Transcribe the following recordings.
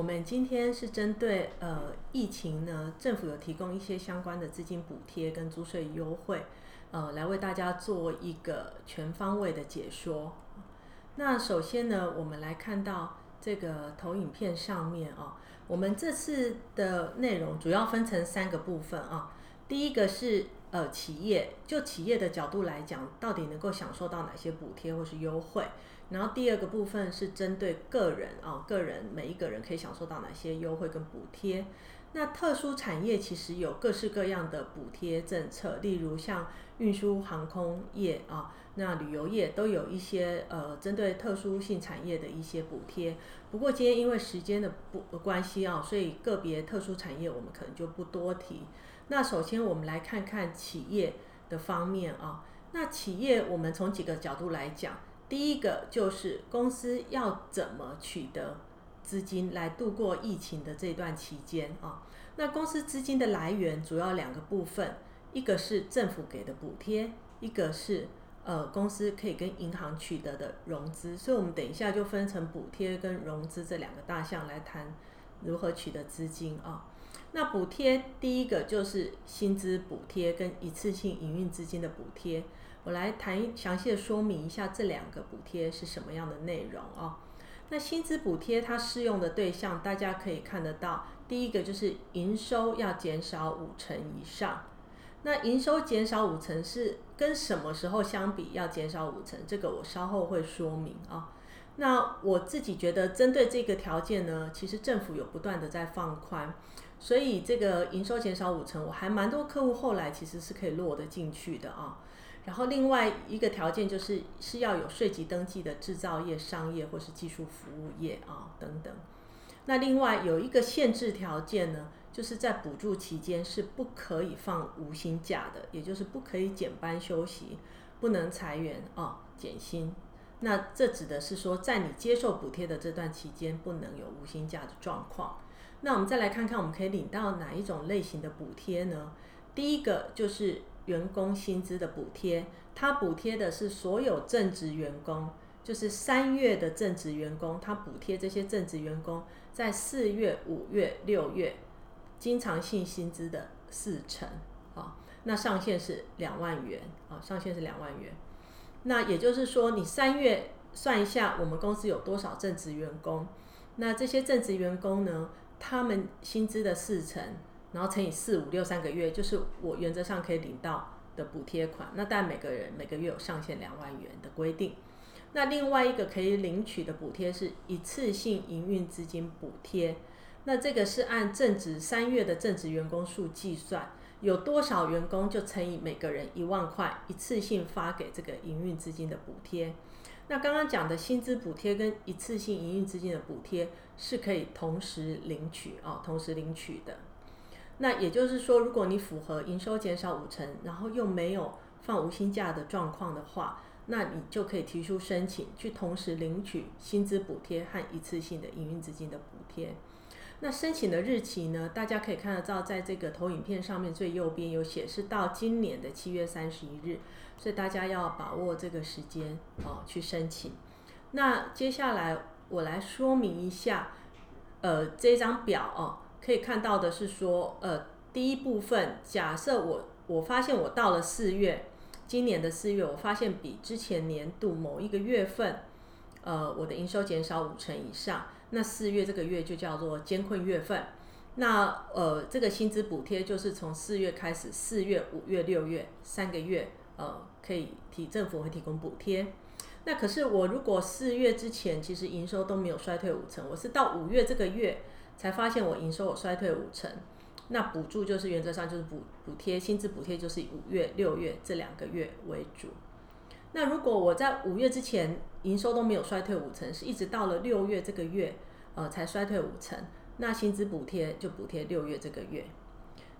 我們今天是針對呃疫情呢，政府有提供一些相關的資金補貼跟租稅優惠，呃，來為大家做一個全方位的解說。那首先呢，我們來看到這個投影片上面啊，我們這次的內容主要分成三個部分啊。第一個是呃企業，就企業的角度來講，到底能夠享受到哪些補貼或是優惠。然後第二個部分是針對個人啊，個人每一個人可以享受到哪些優惠跟補貼？那特殊產業其實有各式各樣的補貼政策，例如像運輸航空業啊，那旅遊業都有一些呃針對特殊性產業的一些補貼。不過今天因為時間的不的關係啊，所以個別特殊產業我們可能就不多提。那首先我們來看看企業的方面啊，那企業我們從幾個角度來講。第一個就是公司要怎麼取得資金來度過疫情的這段期間啊？那公司資金的來源主要兩個部分，一個是政府給的補貼，一個是呃公司可以跟銀行取得的融資。所以，我們等一下就分成補貼跟融資這兩個大項來談如何取得資金啊。那補貼第一個就是薪資補貼跟一次性營運資金的補貼。我來談一詳細的說明一下這兩個補貼是什麼樣的內容哦。那薪資補貼它適用的對象，大家可以看得到，第一個就是營收要減少五成以上。那營收減少五成是跟什麼時候相比要減少五成？這個我稍後會說明啊、哦。那我自己覺得針對這個條件呢，其實政府有不斷的在放寬，所以這個營收減少五成，我還蠻多客戶後來其實是可以落得進去的啊、哦。然後另外一個條件就是是要有稅籍登記的製造業、商業或是技術服務業啊等等。那另外有一個限制條件呢，就是在補助期間是不可以放無薪假的，也就是不可以減班休息、不能裁員啊減薪。那這指的是說，在你接受補貼的這段期間，不能有無薪假的狀況。那我們再來看看我們可以領到哪一種類型的補貼呢？第一個就是。員工薪資的補貼，他補貼的是所有正職員工，就是三月的正職員工，他補貼這些正職員工在四月、五月、六月經常性薪資的四成，好，那上限是兩萬元，啊，上限是兩萬元。那也就是說，你三月算一下我們公司有多少正職員工，那這些正職員工呢，他們薪資的四成。然後乘以四五六三個月，就是我原則上可以領到的補貼款。那但每個人每個月有上限兩萬元的規定。那另外一個可以領取的補貼是一次性營運資金補貼。那這個是按正值三月的正值員工數計算，有多少員工就乘以每個人一萬塊，一次性發給這個營運資金的補貼。那剛剛講的薪資補貼跟一次性營運資金的補貼是可以同時領取啊，哦，同時領取的。那也就是說，如果你符合營收減少五成，然後又沒有放無薪假的狀況的話，那你就可以提出申請，去同時領取薪資補貼和一次性的營運資金的補貼。那申請的日期呢？大家可以看到，在這個投影片上面最右邊有顯示到今年的七月三十一日，所以大家要把握這個時間哦，去申請。那接下來我來說明一下，呃，這張表哦。可以看到的是說，呃，第一部分，假設我我發現我到了四月，今年的四月，我發現比之前年度某一個月份，呃，我的營收減少五成以上，那四月這個月就叫做艱困月份。那呃，這個薪資補貼就是從四月開始，四月、五月、六月三個月，呃，可以提政府會提供補貼。那可是我如果四月之前其實營收都沒有衰退五成，我是到五月這個月。才發現我營收我衰退五成，那補助就是原則上就是補補貼，薪資補貼就是以五月、六月這兩個月為主。那如果我在五月之前營收都沒有衰退五成，是一直到了六月這個月，呃，才衰退五成，那薪資補貼就補貼六月這個月。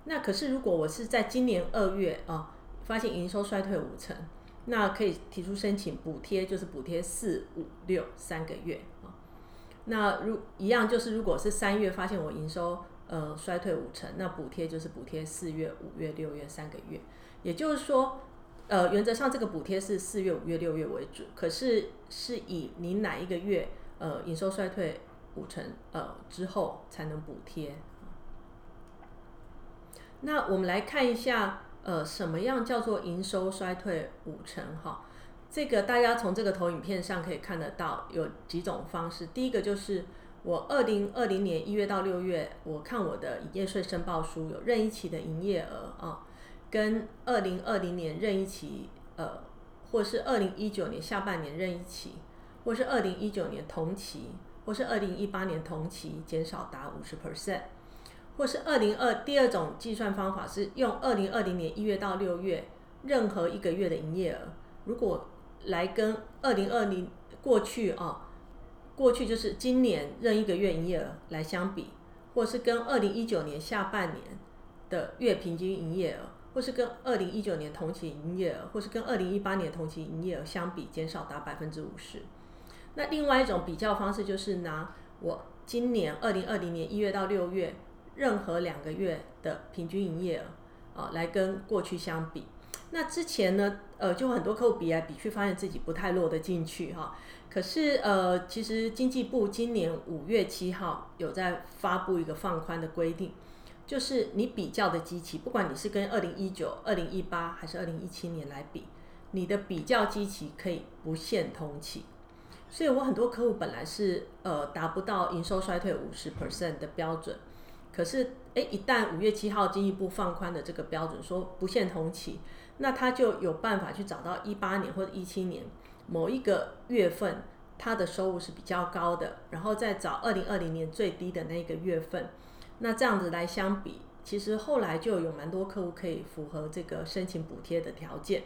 那可是如果我是在今年二月啊，呃，發現營收衰退五成，那可以提出申請補貼，就是補貼四五六三個月。那如一樣就是，如果是三月發現我營收呃衰退五成，那補貼就是補貼四月、五月、六月三個月。也就是說，呃，原則上這個補貼是四月、五月、六月為主，可是是以你哪一個月呃營收衰退五成呃之後才能補貼。那我們來看一下呃什麼樣叫做營收衰退五成哈。這個大家從這個投影片上可以看得到，有幾種方式。第一個就是我二零二零年一月到六月，我看我的營業稅申報書有任一期的營業額啊，跟二零二零年任一期，呃，或是二零一九年下半年任一期，或是二零一九年同期，或是二零一八年同期減少達五十 percent，或是二零二，第二種計算方法是用二零二零年一月到六月任何一個月的營業額，如果來跟二零二零過去啊，過去就是今年任一個月營業額來相比，或是跟二零一九年下半年的月平均營業額，或是跟二零一九年同期營業額，或是跟二零一八年同期營業額相比，減少達百分之五十。那另外一種比較方式就是拿我今年二零二零年一月到六月任何兩個月的平均營業額啊，來跟過去相比。那之前呢，呃，就很多客戶比來比去，發現自己不太落得進去哈、啊。可是呃，其實經濟部今年五月七號有在發布一個放寬的規定，就是你比較的基期，不管你是跟二零一九、二零一八還是二零一七年來比，你的比較基期可以不限同期。所以我很多客戶本來是呃達不到營收衰退五十 percent 的標準，可是誒、欸，一旦五月七號進一步放寬的這個標準，說不限同期。那他就有辦法去找到一八年或者一七年某一個月份，他的收入是比較高的，然後再找二零二零年最低的那個月份，那這樣子來相比，其實後來就有蠻多客戶可以符合這個申請補貼的條件，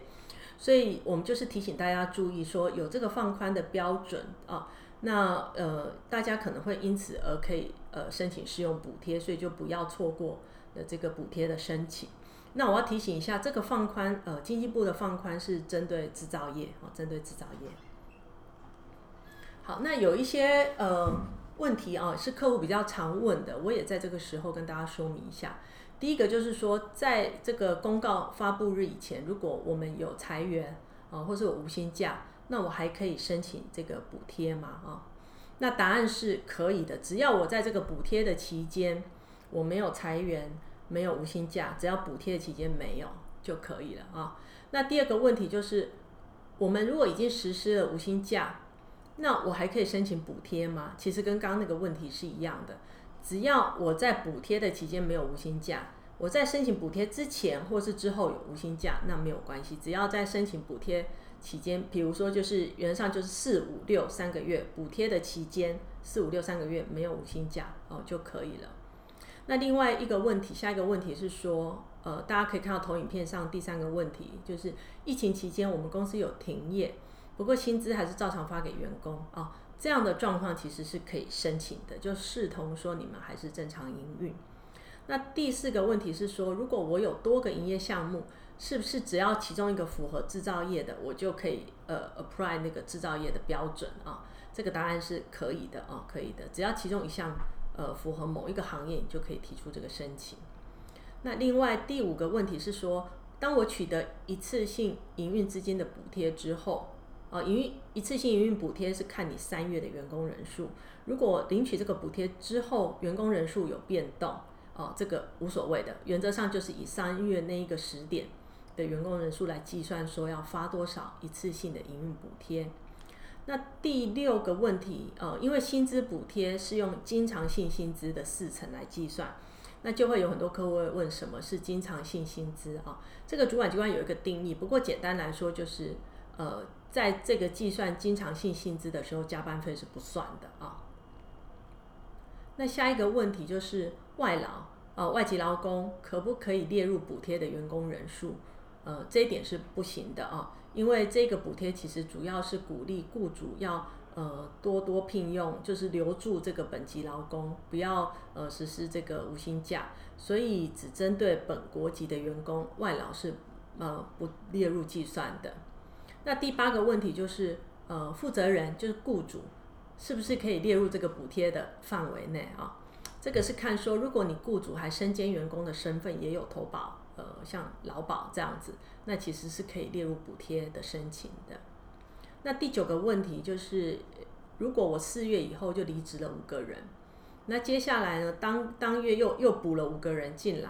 所以我們就是提醒大家注意說有這個放寬的標準啊，那呃大家可能會因此而可以呃申請適用補貼，所以就不要錯過的這個補貼的申請。那我要提醒一下，這個放寬，呃，經濟部的放寬是針對製造業，針對製造業。好，那有一些呃問題啊，是客戶比較常問的，我也在這個時候跟大家說明一下。第一個就是說，在這個公告發布日以前，如果我們有裁員啊、呃，或是有無薪假，那我還可以申請這個補貼嗎？啊、哦，那答案是可以的，只要我在這個補貼的期間我沒有裁員。沒有無薪假，只要補貼的期間沒有就可以了啊。那第二個問題就是，我們如果已經實施了無薪假，那我還可以申請補貼嗎？其實跟剛剛那個問題是一樣的，只要我在補貼的期間沒有無薪假，我在申請補貼之前或是之後有無薪假，那沒有關係，只要在申請補貼期間，比如說就是原則上就是四五六三個月，補貼的期間四五六三個月沒有無薪假哦就可以了。那另外一個問題，下一個問題是說，呃，大家可以看到投影片上第三個問題，就是疫情期間我們公司有停業，不過薪資還是照常發給員工啊、哦。這樣的狀況其實是可以申請的，就視同說你們還是正常營運。那第四個問題是說，如果我有多個營業項目，是不是只要其中一個符合製造業的，我就可以呃 apply 那個製造業的標準啊、哦？這個答案是可以的啊、哦，可以的，只要其中一項。呃，符合某一個行業，你就可以提出這個申請。那另外第五個問題是說，當我取得一次性營運資金的補貼之後，呃，營運一次性營運補貼是看你三月的員工人數。如果領取這個補貼之後，員工人數有變動，哦、呃，這個無所謂的，原則上就是以三月那一個時點的員工人數來計算，說要發多少一次性的營運補貼。那第六個問題，呃，因為薪資補貼是用經常性薪資的四成來計算，那就會有很多客戶會問什麼是經常性薪資啊？這個主管機關有一個定義，不過簡單來說就是，呃，在這個計算經常性薪資的時候，加班費是不算的啊。那下一個問題就是外勞，呃，外籍勞工可不可以列入補貼的員工人數？呃，這一點是不行的啊，因為這個補貼其實主要是鼓勵僱主要呃多多聘用，就是留住這個本級勞工，不要呃實施這個無薪假，所以只針對本國籍的員工，外勞是呃不列入計算的。那第八個問題就是，呃，負責人就是僱主，是不是可以列入這個補貼的範圍內啊？這個是看說，如果你僱主還身兼員工的身份也有投保。呃，像勞保這樣子，那其實是可以列入補貼的申請的。那第九個問題就是，如果我四月以後就離職了五個人，那接下來呢，當當月又又補了五個人進來，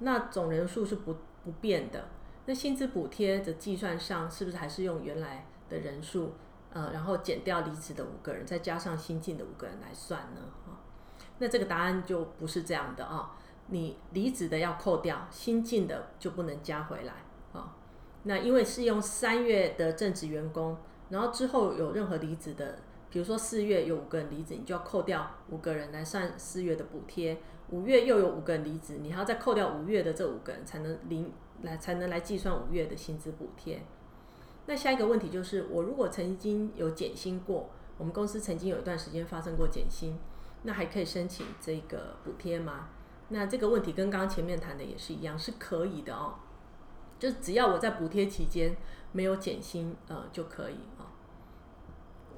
那總人數是不不變的。那薪資補貼的計算上，是不是還是用原來的人數，呃，然後減掉離職的五個人，再加上新進的五個人來算呢？啊，那這個答案就不是這樣的啊。你離職的要扣掉，新進的就不能加回來啊、哦。那因為是用三月的正職員工，然後之後有任何離職的，比如說四月有五個人離職，你就要扣掉五個人來算四月的補貼。五月又有五個人離職，你還要再扣掉五月的這五個人才，才能零來才能來計算五月的薪資補貼。那下一個問題就是，我如果曾經有減薪過，我們公司曾經有一段時間發生過減薪，那還可以申請這個補貼嗎？那這個問題跟剛剛前面談的也是一樣，是可以的哦，就只要我在補貼期間沒有減薪，呃，就可以哦。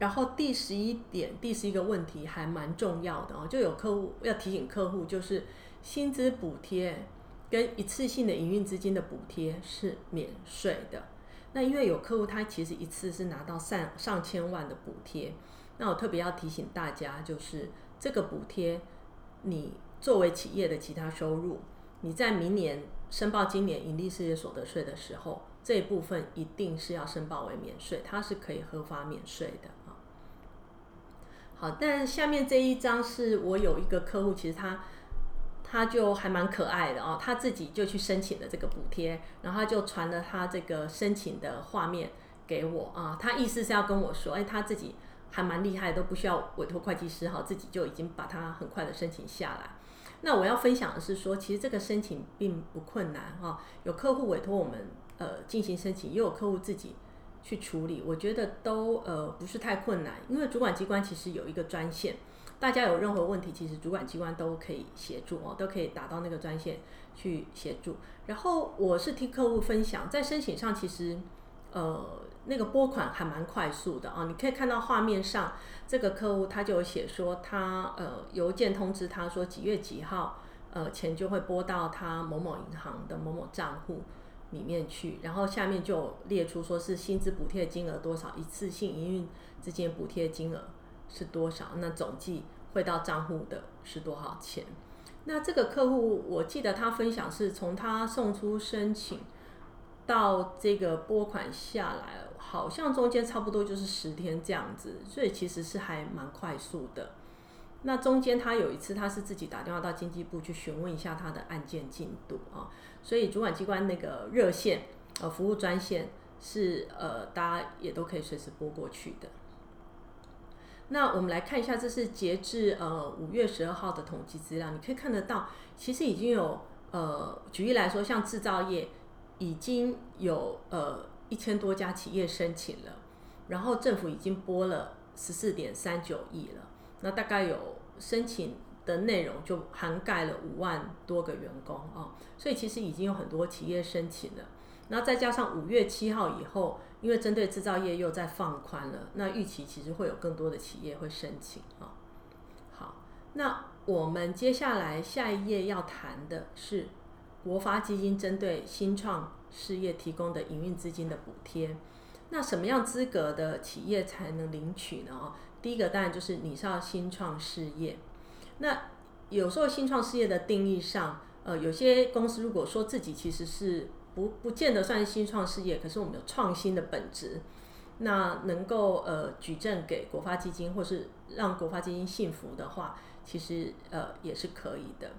然後第十一點，第十一個問題還蠻重要的哦，就有客戶要提醒客戶，就是薪資補貼跟一次性的營運資金的補貼是免稅的。那因為有客戶他其實一次是拿到上上千萬的補貼，那我特別要提醒大家，就是這個補貼你。作為企業的其他收入，你在明年申報今年營利事業所得稅的時候，這一部分一定是要申報為免稅，它是可以合法免稅的啊。好，但下面這一張是我有一個客戶，其實他他就還蠻可愛的哦，他自己就去申請了這個補貼，然後他就傳了他這個申請的畫面給我啊，他意思是要跟我說，哎，他自己還蠻厲害，都不需要委託會計師好，自己就已經把它很快的申請下來。那我要分享的是說，其實這個申請並不困難哈、哦。有客戶委托我們呃進行申請，也有客戶自己去處理，我覺得都呃不是太困難，因為主管機關其實有一個專線，大家有任何問題，其實主管機關都可以協助哦，都可以打到那個專線去協助。然後我是替客戶分享，在申請上其實呃。那個撥款還蠻快速的啊、哦，你可以看到畫面上這個客戶，他就寫說他呃郵件通知他說幾月幾號呃錢就會撥到他某某銀行的某某賬戶裡面去，然後下面就列出說是薪資補貼金額多少，一次性營運資金補貼金額是多少，那總計匯到賬戶的是多少錢。那這個客戶我記得他分享是從他送出申請到這個撥款下來了。好像中間差不多就是十天這樣子，所以其實是還蠻快速的。那中間他有一次，他是自己打電話到經濟部去詢問一下他的案件進度啊、哦。所以主管機關那個熱線呃服務專線是呃大家也都可以隨時撥過去的。那我們來看一下，這是截至呃五月十二號的統計資料，你可以看得到，其實已經有呃舉例來說，像製造業已經有呃。一千多家企業申請了，然後政府已經撥了十四點三九億了，那大概有申請的內容就涵蓋了五萬多個員工啊、哦，所以其實已經有很多企業申請了。那再加上五月七號以後，因為針對製造業又在放寬了，那預期其實會有更多的企業會申請啊、哦。好，那我們接下來下一頁要談的是國發基金針對新創。事業提供的營運資金的補貼，那什麼樣資格的企業才能領取呢？哦，第一個當然就是你是要新創事業。那有時候新創事業的定義上，呃，有些公司如果說自己其實是不不見得算是新創事業，可是我們有創新的本質，那能夠呃舉證給國發基金或是讓國發基金信服的話，其實呃也是可以的。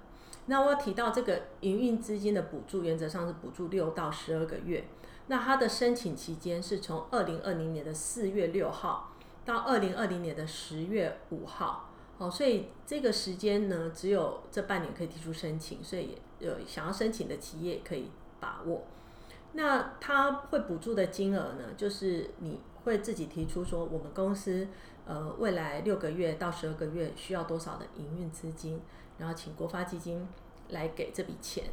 那我提到這個營運資金的補助，原則上是補助六到十二個月。那它的申請期間是從二零二零年的四月六號到二零二零年的十月五號。哦，所以這個時間呢，只有這半年可以提出申請，所以有想要申請的企業可以把握。那它會補助的金額呢，就是你會自己提出說，我們公司呃未來六個月到十二個月需要多少的營運資金。然後請國發基金來給這筆錢。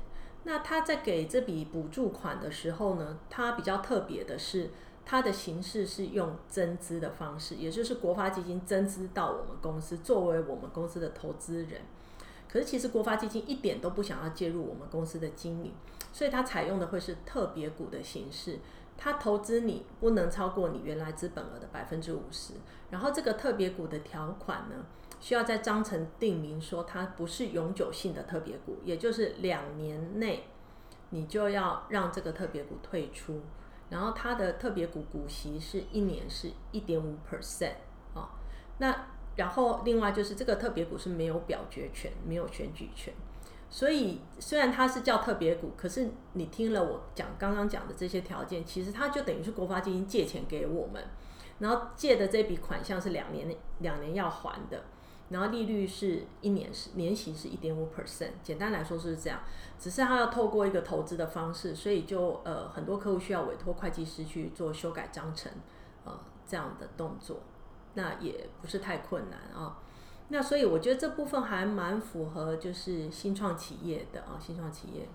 那他在給這筆補助款的時候呢，他比較特別的是，他的形式是用增資的方式，也就是國發基金增資到我們公司，作為我們公司的投資人。可是其實國發基金一點都不想要介入我們公司的經營，所以他採用的會是特別股的形式。他投資你不能超過你原來資本額的百分之五十。然後這個特別股的條款呢，需要在章程定明說，它不是永久性的特別股，也就是兩年內你就要讓這個特別股退出。然後它的特別股股息是一年是一點五 percent 啊。那然後另外就是這個特別股是沒有表決權、沒有選舉權，所以雖然它是叫特別股，可是你聽了我講剛剛講的這些條件，其實它就等於是國發基金借錢給我們，然後借的這筆款項是兩年兩年要還的。然後利率是一年是年息是一點五 percent，簡單來說就是這樣。只是他要透過一個投資的方式，所以就呃很多客戶需要委託會計師去做修改章程、呃，這樣的動作，那也不是太困難啊。那所以我覺得這部分還蠻符合就是新創企業的啊新創企業。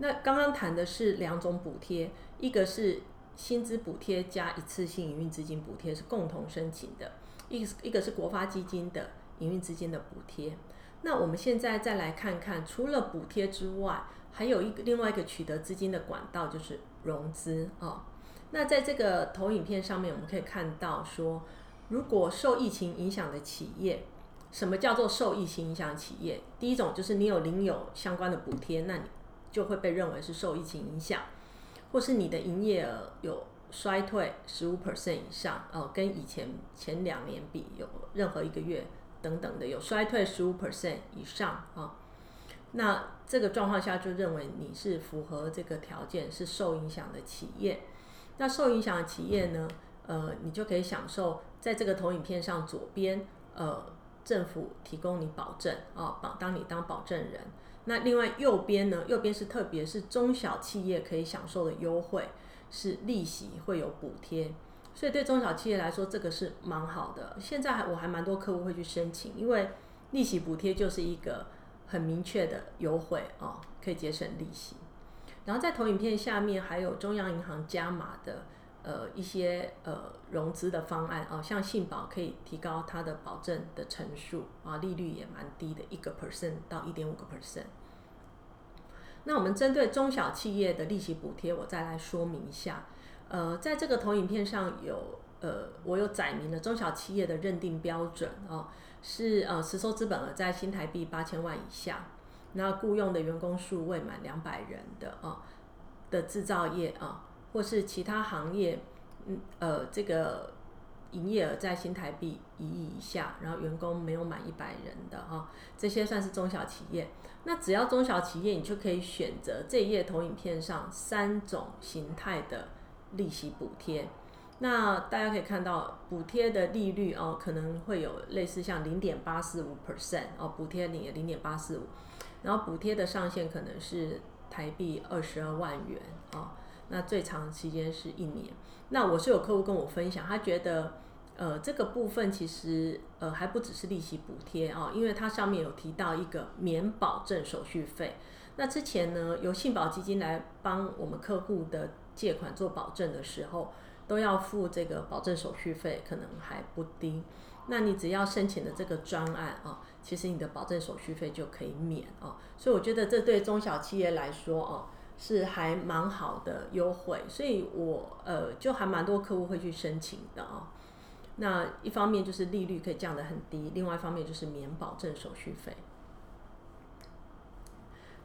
那剛剛談的是兩種補貼，一個是。薪資補貼加一次性營運資金補貼是共同申請的，一一個是國發基金的營運資金的補貼。那我們現在再來看看，除了補貼之外，還有一個另外一個取得資金的管道就是融資啊。那在這個投影片上面，我們可以看到說，如果受疫情影響的企業，什麼叫做受疫情影響企業？第一種就是你有領有相關的補貼，那你就會被認為是受疫情影響。或是你的營業額有衰退十五 percent 以上，哦、呃，跟以前前兩年比有任何一個月等等的有衰退十五 percent 以上啊，那這個狀況下就認為你是符合這個條件是受影響的企業，那受影響的企業呢，呃，你就可以享受在這個投影片上左邊，呃，政府提供你保證，啊，保，當你當保證人。那另外右邊呢？右邊是特別是中小企業可以享受的優惠，是利息會有補貼，所以對中小企業來說，這個是蠻好的。現在我還蠻多客戶會去申請，因為利息補貼就是一個很明確的優惠哦，可以節省利息。然後在投影片下面還有中央銀行加碼的。呃，一些呃融資的方案哦、啊，像信保可以提高它的保證的成數啊，利率也蠻低的，一個 percent 到一點五個 percent。那我們針對中小企業的利息補貼，我再來說明一下。呃，在這個投影片上有呃，我有載明了中小企業的認定標準啊，是呃、啊、實收資本額在新台幣八千萬以下，那雇傭的員工數未滿兩百人的啊的製造業啊。或是其他行業，嗯呃，這個營業額在新台幣一億以下，然後員工沒有滿一百人的哈、哦，這些算是中小企業。那只要中小企業，你就可以選擇這頁投影片上三種形態的利息補貼。那大家可以看到，補貼的利率哦，可能會有類似像零點八四五 percent 哦，補貼你零點八四五，然後補貼的上限可能是台幣二十二萬元哦。那最長期間是一年。那我是有客戶跟我分享，他覺得，呃，這個部分其實，呃，還不只是利息補貼啊，因為它上面有提到一個免保證手續費。那之前呢，由信保基金來幫我們客戶的借款做保證的時候，都要付這個保證手續費，可能還不低。那你只要申請的這個專案啊，其實你的保證手續費就可以免啊。所以我覺得這對中小企業來說啊。是還蠻好的優惠，所以我呃就還蠻多客戶會去申請的哦。那一方面就是利率可以降得很低，另外一方面就是免保證手續費。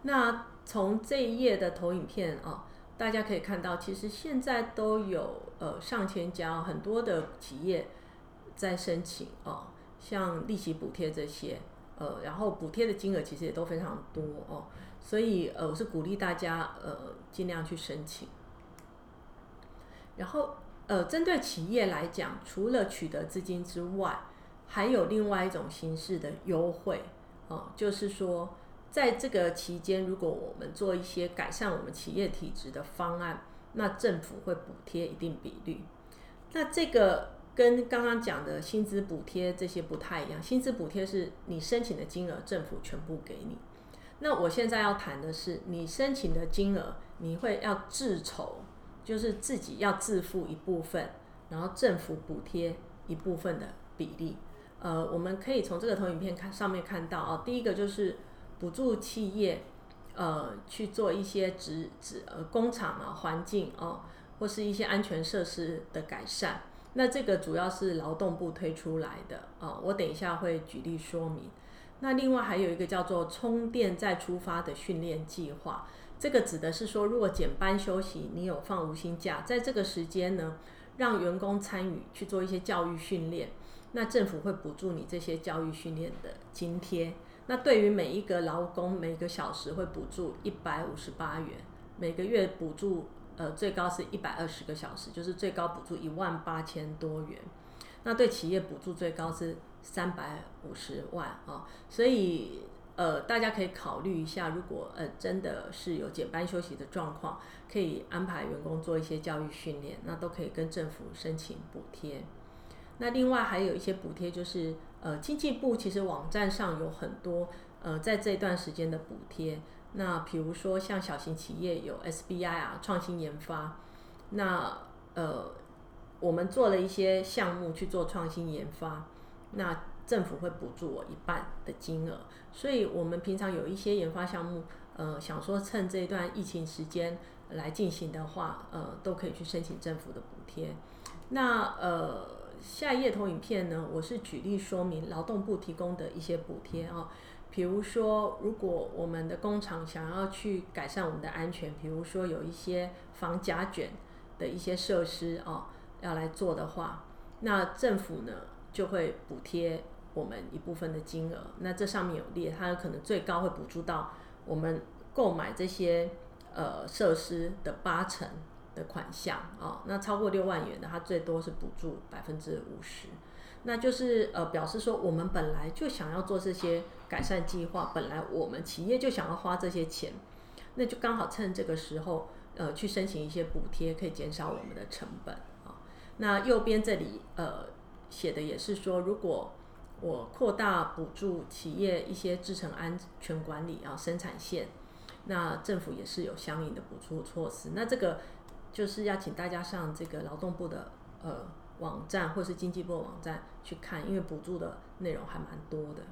那從這一頁的投影片啊、哦，大家可以看到，其實現在都有呃上千家很多的企業在申請哦，像利息補貼這些。呃，然後補貼的金額其實也都非常多哦，所以呃，我是鼓勵大家呃儘量去申請。然後呃，針對企業來講，除了取得資金之外，還有另外一種形式的優惠哦，呃，就是說在這個期間，如果我們做一些改善我們企業體質的方案，那政府會補貼一定比率。那這個。跟剛剛講的薪資補貼這些不太一樣，薪資補貼是你申請的金額，政府全部給你。那我現在要談的是，你申請的金額你會要自籌，就是自己要自付一部分，然後政府補貼一部分的比例。呃，我們可以從這個投影片看上面看到啊、哦，第一個就是補助企業，呃，去做一些職職呃工廠啊環境哦，或是一些安全設施的改善。那這個主要是勞動部推出來的啊，哦，我等一下會舉例說明。那另外還有一個叫做“充電再出發”的訓練計劃，這個指的是說，如果減班休息，你有放無薪假，在這個時間呢，讓員工參與去做一些教育訓練，那政府會補助你這些教育訓練的津貼。那對於每一個勞工每個小時會補助一百五十八元，每個月補助。呃，最高是一百二十個小時，就是最高補助一萬八千多元。那對企業補助最高是三百五十萬啊、哦，所以呃，大家可以考慮一下，如果呃真的是有減班休息的狀況，可以安排員工做一些教育訓練，那都可以跟政府申請補貼。那另外還有一些補貼，就是呃，經濟部其實網站上有很多呃，在這段時間的補貼。那比如說像小型企業有 SBI 啊，創新研發，那呃，我們做了一些項目去做創新研發，那政府會補助我一半的金額，所以我們平常有一些研發項目，呃，想說趁這一段疫情時間來進行的話，呃，都可以去申請政府的補貼。那呃，下一頁投影片呢，我是舉例說明勞動部提供的一些補貼啊、哦。比如說，如果我們的工廠想要去改善我們的安全，比如說有一些防夾卷的一些設施哦，要來做的話，那政府呢就會補貼我們一部分的金額。那這上面有列，它可能最高會補助到我們購買這些呃設施的八成的款項哦。那超過六萬元的，它最多是補助百分之五十。那就是呃表示說，我們本來就想要做這些改善計劃，本來我們企業就想要花這些錢，那就剛好趁這個時候，呃，去申請一些補貼，可以減少我們的成本啊、哦。那右邊這裡呃寫的也是說，如果我擴大補助企業一些製程安全管理啊生產線，那政府也是有相應的補助措施。那這個就是要請大家上這個勞動部的呃。網站或是經濟部網站去看，因為補助的內容還蠻多的。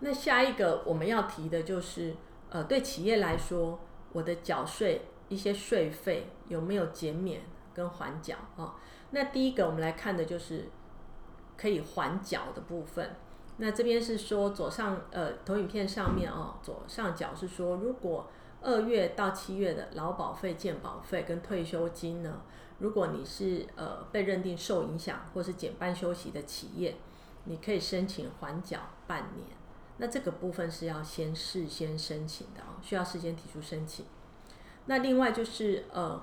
那下一個我們要提的就是，呃，對企業來說，我的繳稅一些稅費有沒有減免跟緩繳啊？哦，那第一個我們來看的就是可以緩繳的部分。那這邊是說左上呃投影片上面哦，左上角是說如果二月到七月的勞保費、健保費跟退休金呢？如果你是呃被認定受影響或是減班休息的企業，你可以申請緩繳半年。那這個部分是要先事先申請的啊、哦，需要事先提出申請。那另外就是呃，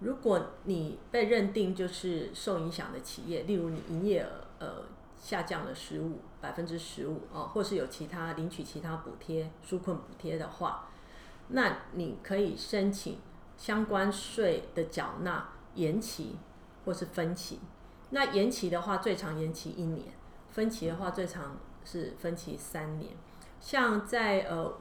如果你被認定就是受影響的企業，例如你營業額呃下降了十五百分之十五哦，或是有其他領取其他補貼紓困補貼的話，那你可以申請相關稅的繳納。延期或是分期。那延期的話，最長延期一年；分期的話，最長是分期三年。像在呃，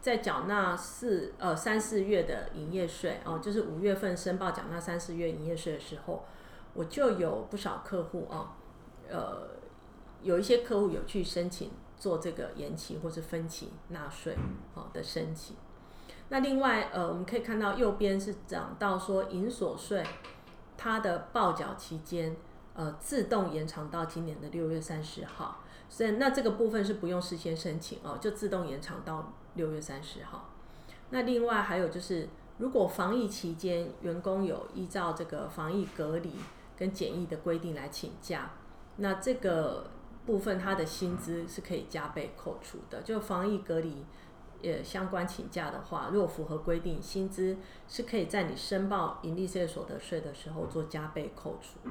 在繳納四呃三四月的營業稅哦，呃，就是五月份申報繳納三四月營業稅的時候，我就有不少客戶哦，呃，有一些客戶有去申請做這個延期或是分期納稅的申請。那另外，呃，我們可以看到右邊是講到說營所稅，它的報繳期間，呃，自動延長到今年的六月三十號，所以那這個部分是不用事先申請哦，就自動延長到六月三十號。那另外還有就是，如果防疫期間員工有依照這個防疫隔離跟檢疫的規定來請假，那這個部分他的薪資是可以加倍扣除的，就防疫隔離。也相關請假的話，若符合規定，薪資是可以在你申報營利事業所得稅的時候做加倍扣除。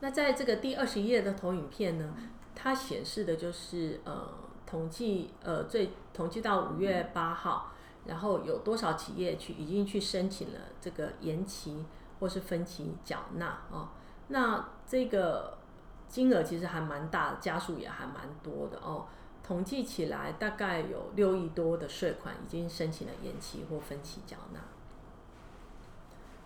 那在這個第二十一頁的投影片呢，它顯示的就是呃統計呃最統計到五月八號，然後有多少企業去已經去申請了這個延期或是分期繳納哦，那這個金額其實還蠻大的，家數也還蠻多的哦。統計起來，大概有六億多的稅款已經申請了延期或分期繳納。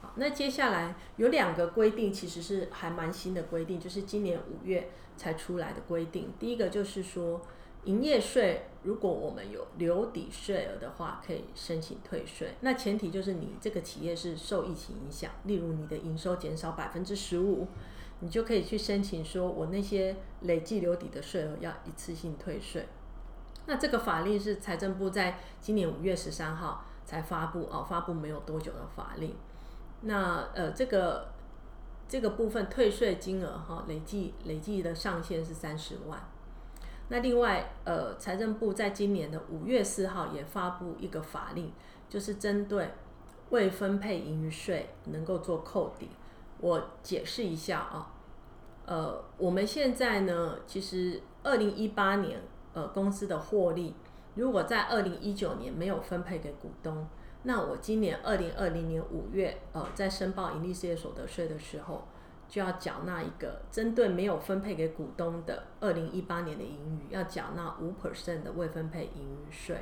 好，那接下來有兩個規定，其實是還蠻新的規定，就是今年五月才出來的規定。第一個就是說，營業稅如果我們有留抵稅額的話，可以申請退稅。那前提就是你這個企業是受疫情影響，例如你的營收減少百分之十五。你就可以去申請，說我那些累計留抵的稅額要一次性退稅。那這個法令是財政部在今年五月十三號才發布，哦，發布沒有多久的法令。那呃，這個這個部分退稅金額哈、哦，累計累計的上限是三十萬。那另外呃，財政部在今年的五月四號也發布一個法令，就是針對未分配盈餘稅能夠做扣抵。我解釋一下啊，呃，我們現在呢，其實二零一八年呃公司的獲利，如果在二零一九年沒有分配給股東，那我今年二零二零年五月呃在申報盈利事業所得稅的時候，就要繳納一個針對沒有分配給股東的二零一八年的盈餘，要繳納5%的未分配盈餘稅。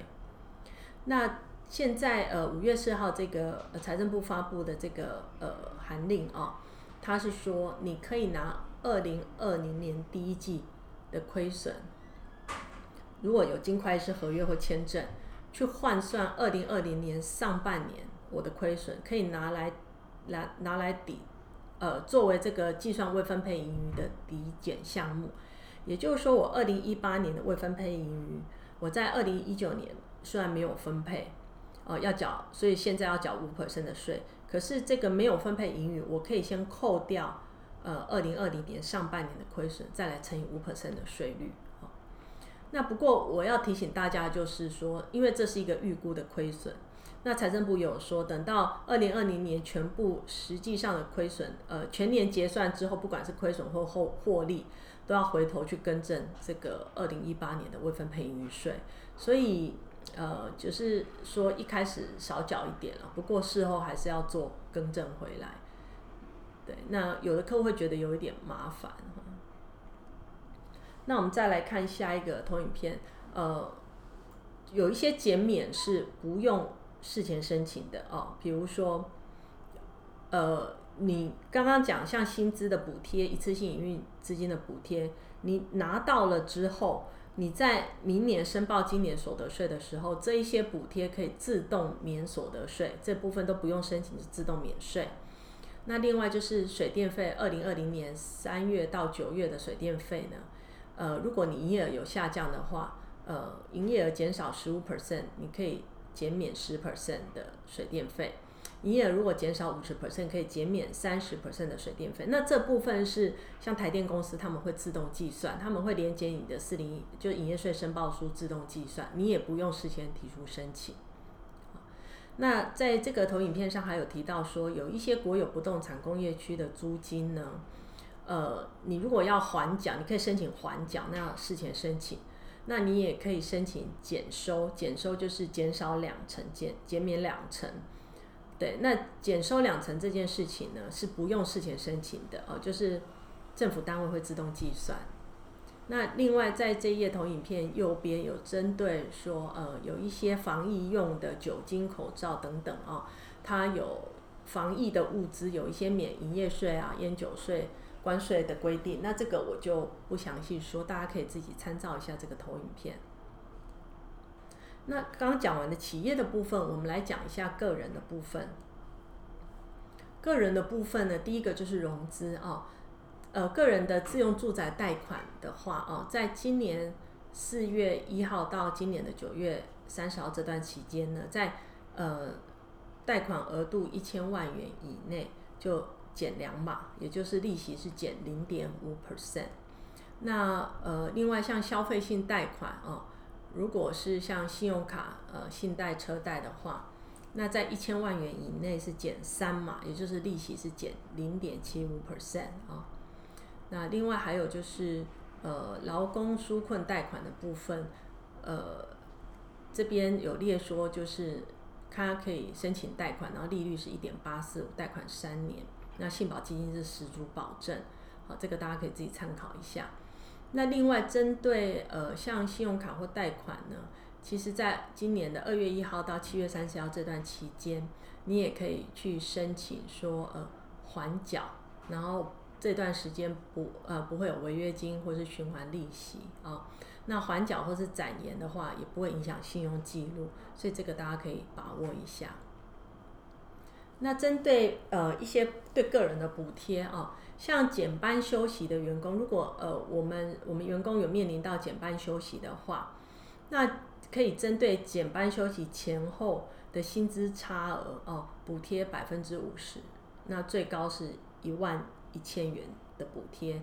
那現在呃五月四號這個、呃、財政部發布的這個呃函令啊。他是說，你可以拿二零二零年第一季的虧損，如果有盡快是合約或簽證，去換算二零二零年上半年我的虧損，可以拿來，來拿來抵，呃，作為這個計算未分配盈餘的抵減項目。也就是說，我二零一八年的未分配盈餘，我在二零一九年雖然沒有分配，呃，要繳，所以現在要繳五%的稅。可是這個沒有分配盈餘，我可以先扣掉，呃，二零二零年上半年的虧損，再來乘以五%的稅率。那不過我要提醒大家，就是說，因為這是一個預估的虧損，那財政部有說，等到二零二零年全部實際上的虧損，呃，全年結算之後，不管是虧損或後獲利，都要回頭去更正這個二零一八年的未分配盈餘稅。所以。呃，就是說一開始少繳一點了，啊，不過事後還是要做更正回來。對，那有的客戶會覺得有一點麻煩。那我們再來看下一個投影片，呃，有一些減免是不用事前申請的哦，啊，比如說，呃，你剛剛講像薪資的補貼、一次性營運資金的補貼，你拿到了之後。你在明年申報今年所得稅的時候，這一些補貼可以自動免所得稅，這部分都不用申請，是自動免稅。那另外就是水電費，二零二零年三月到九月的水電費呢，呃，如果你營業額有下降的話，呃，營業額減少十五 percent，你可以減免十 percent 的水電費。營業如果減少五十 percent，可以減免三十 percent 的水電費。那這部分是像台電公司，他們會自動計算，他們會連接你的四零一，就營業稅申報書自動計算，你也不用事先提出申請。那在這個投影片上還有提到說，有一些國有不動產工業區的租金呢，呃，你如果要緩繳，你可以申請緩繳，那要事前申請，那你也可以申請減收，減收就是減少兩成，減減免兩成。對，那減收兩成這件事情呢，是不用事前申請的哦，就是政府單位會自動計算。那另外在這一頁投影片右邊有針對說，呃，有一些防疫用的酒精口罩等等哦，它有防疫的物資有一些免營業稅啊、菸酒稅、關稅的規定，那這個我就不詳細說，大家可以自己參照一下這個投影片。那剛剛講完的企業的部分，我們來講一下個人的部分。個人的部分呢，第一個就是融資哦。呃，個人的自用住宅貸款的話哦，在今年四月一號到今年的九月三十號這段期間呢，在呃貸款額度一千萬元以內就減兩碼，也就是利息是減零點五 percent。那呃，另外像消費性貸款哦。如果是像信用卡、呃，信貸、車貸的話，那在一千萬元以內是減三嘛，也就是利息是減零點七五 percent 啊。那另外還有就是，呃，勞工紓困貸款的部分，呃，這邊有列說，就是它可以申請貸款，然後利率是一點八四五，貸款三年，那信保基金是十足保證，好、哦，這個大家可以自己參考一下。那另外，針對呃像信用卡或貸款呢，其實在今年的二月一號到七月三十號這段期間，你也可以去申請說呃緩繳，然後這段時間不呃不會有違約金或是循環利息啊、哦。那緩繳或是展延的話，也不會影響信用記錄，所以這個大家可以把握一下。那針對呃一些對個人的補貼啊。哦像減班休息的員工，如果呃我們我們員工有面臨到減班休息的話，那可以針對減班休息前後的薪資差額哦、呃，補貼百分之五十，那最高是一萬一千元的補貼。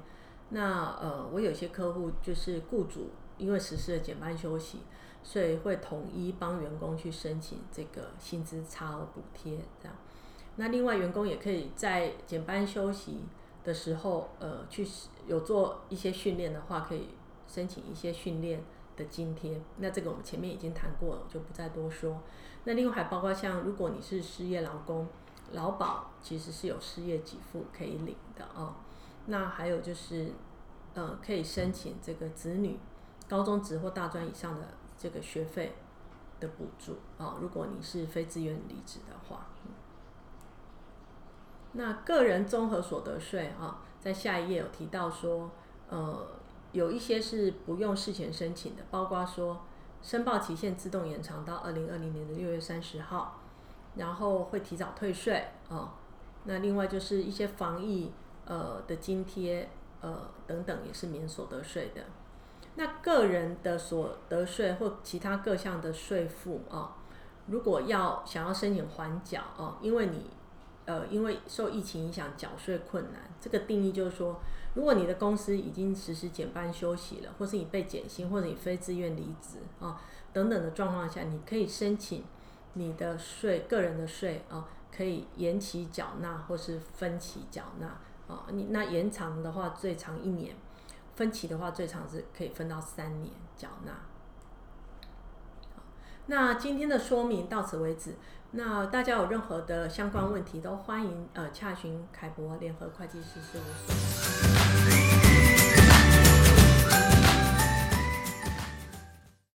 那呃，我有些客戶就是僱主因為實施了減班休息，所以會統一幫員工去申請這個薪資差額補貼這樣。那另外員工也可以在減班休息的時候，呃，去有做一些訓練的話，可以申請一些訓練的津貼。那這個我們前面已經談過了，我就不再多說。那另外還包括像，如果你是失業勞工，勞保其實是有失業給付可以領的哦。那還有就是，呃，可以申請這個子女高中職或大專以上的這個學費的補助啊。哦，如果你是非自願離職的話。那個人綜合所得稅啊，在下一頁有提到說，呃，有一些是不用事前申請的，包括說申報期限自動延長到二零二零年的六月三十號，然後會提早退稅哦、呃，那另外就是一些防疫呃的津貼呃等等也是免所得稅的。那個人的所得稅或其他各項的稅負啊，如果要想要申請緩繳啊、呃，因為你。呃，因為受疫情影響繳稅困難，這個定義就是說，如果你的公司已經實施減班休息了，或是你被減薪，或者你非自願離職啊等等的狀況下，你可以申請你的稅個人的稅啊，可以延期繳納或是分期繳納啊。你那延長的話最長一年，分期的話最長是可以分到三年繳納。那今天的說明到此為止。那大家有任何的相關問題，都歡迎呃洽詢凱博聯合會計師事務所。是